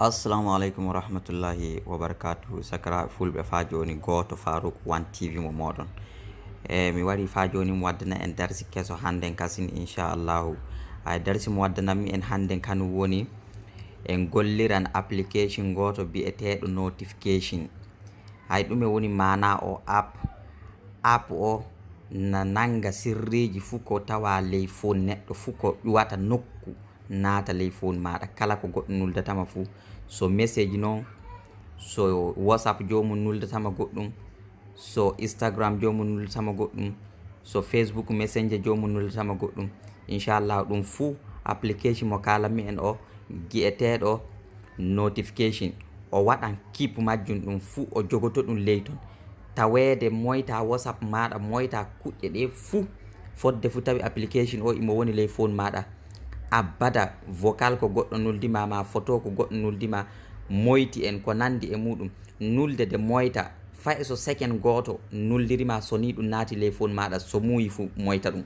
assalamu aleykum wa rahmatullahi wa barakatuh sakra fulɓe fa joni goto farouk wan tv mo moɗon e mi wari fa joni mi waddana en darsi keso hannden kasin inchallahu ay darsi mo waddanami en hannden kanum woni en golliran application goto mbiyeteɗo notification hay ɗume woni mana o app app o na nanga sirriji fuu ko tawa ley fo neɗɗo fuu ko ɗuwata nokku naata ley fone maɗa kala ko goɗɗo nuldatama fuu so message noon so whatsapp jomum nuldatama goɗɗum so instagram jomum nuldatama goɗɗum so facebook messenger jomum nuldatama goɗɗum inchallah ɗum fuu application mo kalami en o gi'eteɗo notification o waɗan kip majjum ɗum fuu o jogoto ɗum ley ton tawede moyta whatsapp maɗa moyta kuƴƴe ɗe fuu fodde fuu tawi application o imo woni ley fone maɗa abbada vocal ko goɗɗo nuldima ma photo ko goɗɗo nuldima moyti en ko nandi e muɗum nulde de moyta faye so second goto nullirima soni ɗum naati ley fon maɗa so muyi fuu moyta ɗum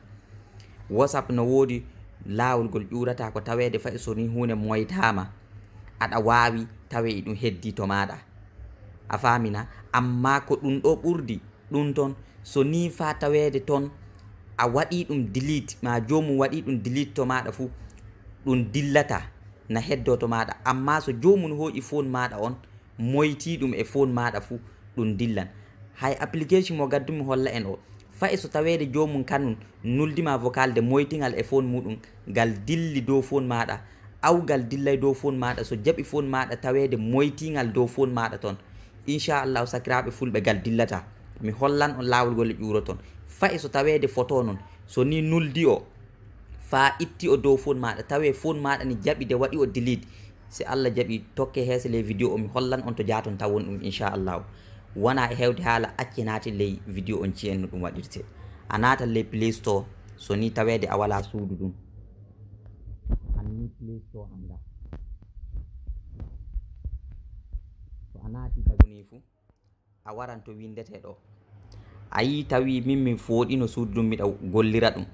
whatsapp no woodi laawolgol ƴurata ko tawede faye soni hunde moytama aɗa wawi tawey e ɗum heddi to maɗa a famina amma ko ɗum ɗo ɓurdi ɗum ton so ni fa tawede ton a waɗi ɗum dilit ma jomum waɗi ɗum dilit to maɗa fuu ɗum dillata na heddoto maɗa amma so jomum hoƴi fon maɗa on moyti ɗum e fon maɗa fuu ɗum dillan hay application mo gaddumi holla en o fay so tawede jomum kanum noldima vocalde moytigal e fon muɗum ngal dilli dow fon maɗa awgal dillay dow fon maɗa so jaaɓi fon maɗa tawede moytigal dow fon maɗa toon inchallahu sakiraɓe fulɓe ngal dillata mi hollan on lawol golle ƴuro toon fay so tawede photo noon so ni noldi o fa itti o dow phone maɗa tawe phone maɗa ni jaɓi de waɗi o delide si allah jaɓi tokke hees ley vidéo omi hollan on to jaton taw won ɗum inchallahu wona e hewde haala acce naati ley vidéo on ci en no ɗum waɗirte a naata ley play store so ni tawede a wala suudu ɗum anni play store anda so a naati tagoni fu a waran to windete ɗo a yi tawi min min fooɗino suudu ɗum miɗa gollira ɗum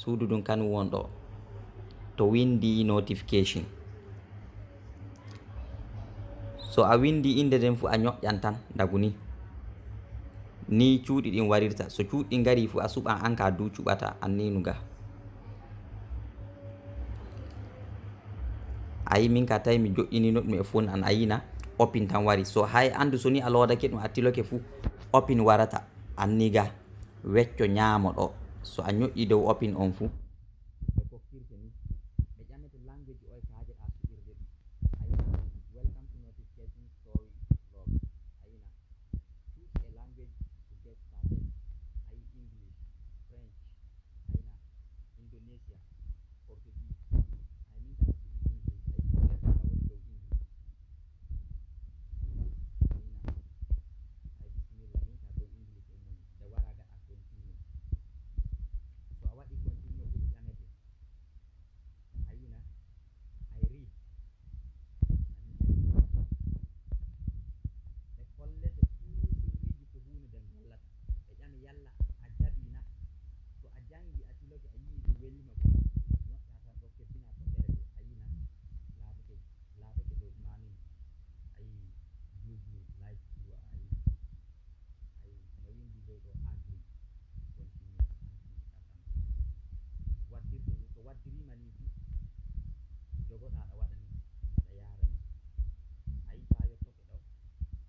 suudu ɗum kan wonɗo to windi notification so a windi inde den fu a nyok yantan daguni, ni ni din warirta so cuuɗi ngari fu a suɓan an ka du an anninu ga ayi min ka tay mi ini not me fon an ayina na, opin tan wari so hay andu so ni a loodake ɗum a fu fuu opin warata anniga wecco ñaamo ɗo so a ñoƴƴi dow opin on fuu kokkirte ni ɓe ƴamete language oy ko ɗum a yina welcome to notification story blog a yina choose a language to get started a yi english french a yina indonesia awat diri mani ti jogo ta da wadan da yaran ai ta yo to do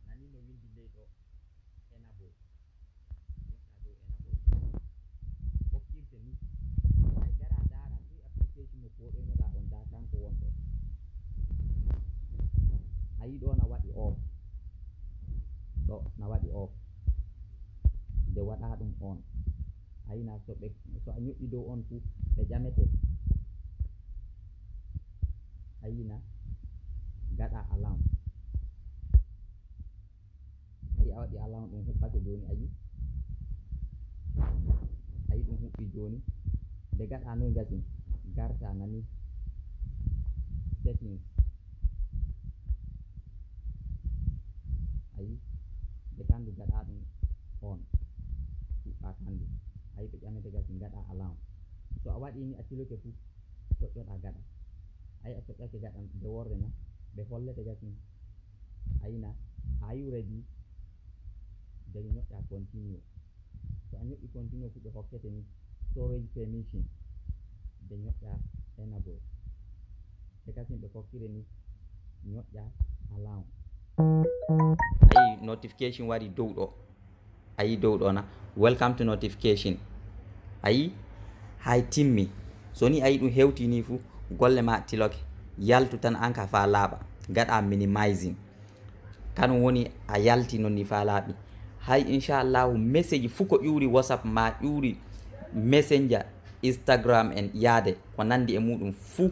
nani no windi le do enable ta do enable ko kirte ni ai gara dara ti application mo ko do da on da tan ko won do ai do na wadi off do na wadi off de waɗa ɗum on a yina so ɓe so a ñoƴƴi dow on fuu ɓe ƴamete aina gada alam ayi a di alam ɗum huɓɓata joni ayi ayi dum hubbi joni de gada noy gasi garta nani settings ayi nde kandu gada dum on pasan di. ayi to ƴamete gasi gaɗa alam so a waɗi ni a fu fuu toɗɗoɗa gada a yiya feƴƴake gaɗan de worre na ɓe hollete gasin a yina ha yuredi dañi ñoƴƴa continue so a ñoƴƴi continue fu ɓe hokkete ni storage permission de ñoƴƴa enabo e gasin ɓe fokkire ni ñoƴƴa alam a yi notification wari dow ɗo a yi dow ɗona welcome to notification a yi hay timmi so ni a yi ɗum hewti ni fuu golle ma tiloke yaltu tan an ka fa laaɓa gaɗa minimising kanum woni a yalti nonni fa laaɓi hay inchallahu message fuu ko ƴuuri whatsapp ma ƴuuri messenger instagram en yaade ko nandi e muɗum fuu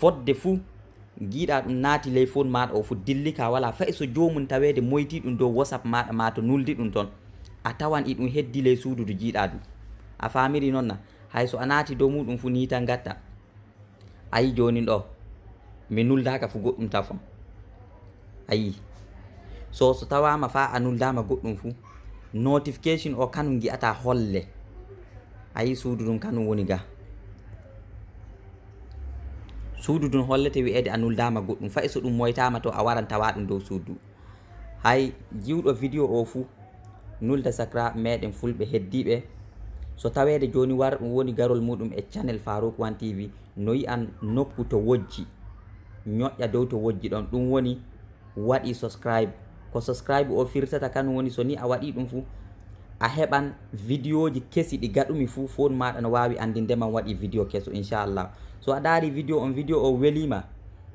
fodde fuu giɗa ɗum naati ley fon maɗa o fo dilli ka wala fay so jomum tawede moyti ɗum dow whatsapp maɗa ma to nuldi ɗum toon a tawan e ɗum heddi ley suudu du jiiɗa du a famiri noonna hay so a naati dow muɗum fuu ni tan gatta ayi joni ɗo mi nuldaka fu goɗɗum ta fam ayi so so tawama fa a nuldama goɗɗum fu notification o kanum gi'ata holle ayi suudu ɗum kanum woni ga suudu ɗum hollete wi'ede a nuldama goɗɗum fay e so ɗum moytama to a waran tawa ɗum dow suudu hay jiwɗo video o fu nulde sacra meɗen fulɓe heddiɓe so tawede joni war ɗum woni garol muɗum e channel farouk wan tv noyi an nokku to wojji ñoƴƴa dow to wojji ɗon ɗum woni waɗi subscribe ko subscribe o firtata kanum woni so ni a waɗi ɗum fuu a heɓan vidéo ji kesi ɗi gaɗumi fuu fon maɗa no wawi andi ndeman waɗi vidéo keso inchallah so a daari vidéo on vidéo o welima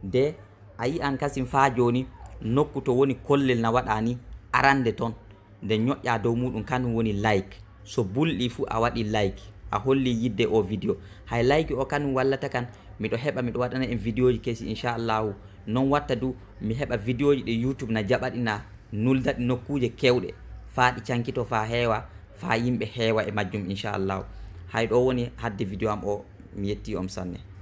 de a yi an kasim fa joni nokku to woni kollel na waɗa ni arande toon nde ñoƴƴa dow muɗum kanum woni like so bulɗi fuu a waɗi like a holli yidde o vidéo hay like o kan wallata kan miɗo heɓa miɗo waɗana en vidéo ji kesi inchallahu non watta du mi heɓa vidéo ji ɗi youtube na jaɓaɗina nuldaɗi nokkuje kewɗe fa ɗi cankito fa heewa fa yimɓe heewa e majjum inchallahu hay ɗo woni hadde vidéo am o mi yetti om sanne